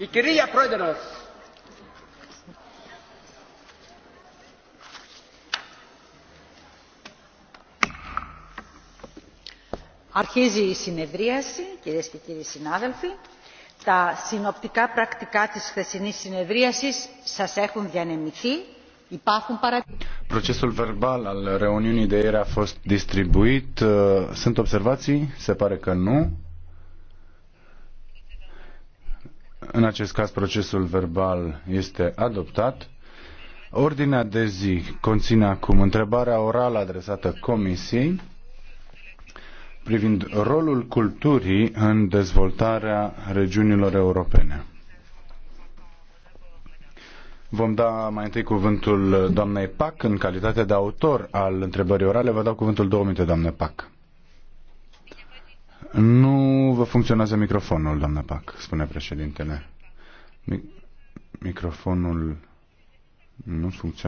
Η κυρία Πρόεδρος. Αρχίζει η συνεδρίαση, κυρίες και κύριοι συνάδελφοι. Τα συνοπτικά πρακτικά της χθεσινής συνεδρίασης σας έχουν διανεμηθεί. Υπάρχουν παρατηρήσεις. Procesul verbal al reuniunii de ieri a fost distribuit. Sunt observații? Se pare că nu. În acest caz, procesul verbal este adoptat. Ordinea de zi conține acum întrebarea orală adresată Comisiei privind rolul culturii în dezvoltarea regiunilor europene. Vom da mai întâi cuvântul doamnei Pac în calitate de autor al întrebării orale. Vă dau cuvântul două minute, doamne Pac. Nu vă funcționează microfonul, doamna Pac, spune președintele. Microfonul nu funcționează.